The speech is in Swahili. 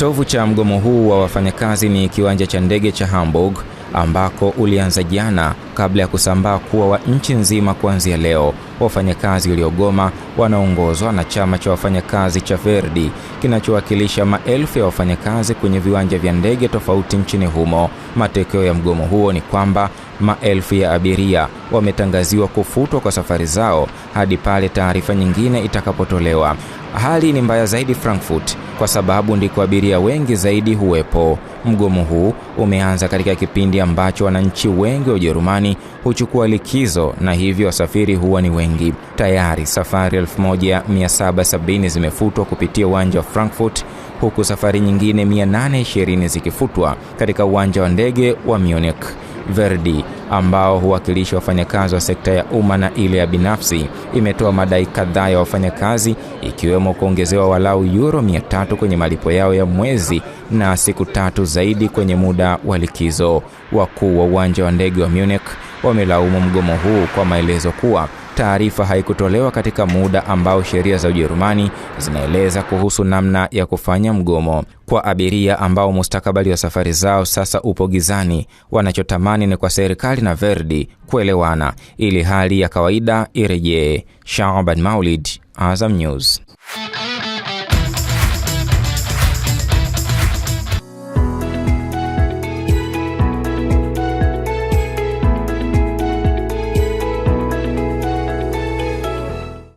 Kitovu cha mgomo huu wa wafanyakazi ni kiwanja cha ndege cha Hamburg ambako ulianza jana kabla ya kusambaa kuwa wa nchi nzima kuanzia leo. Wafanyakazi waliogoma wanaongozwa na chama cha wafanyakazi cha Verdi kinachowakilisha maelfu ya wafanyakazi kwenye viwanja vya ndege tofauti nchini humo. Matokeo ya mgomo huo ni kwamba maelfu ya abiria wametangaziwa kufutwa kwa safari zao hadi pale taarifa nyingine itakapotolewa. Hali ni mbaya zaidi Frankfurt kwa sababu ndiko abiria wengi zaidi huwepo. Mgomo huu umeanza katika kipindi ambacho wananchi wengi wa Ujerumani huchukua likizo na hivyo wasafiri huwa ni wengi. Tayari safari 1770 zimefutwa kupitia uwanja wa Frankfurt huku safari nyingine 820 zikifutwa katika uwanja wa ndege wa Munich. Verdi ambao huwakilisha wafanyakazi wa sekta ya umma na ile ya binafsi imetoa madai kadhaa ya wafanyakazi ikiwemo kuongezewa walau euro 300 kwenye malipo yao ya mwezi na siku tatu zaidi kwenye muda wa likizo. Wakuu wa uwanja wa ndege wa Munich wamelaumu mgomo huu kwa maelezo kuwa taarifa haikutolewa katika muda ambao sheria za Ujerumani zinaeleza kuhusu namna ya kufanya mgomo. Kwa abiria ambao mustakabali wa safari zao sasa upo gizani, wanachotamani ni kwa serikali na Verdi kuelewana ili hali ya kawaida irejee. Shaaban Maulid, Azam News.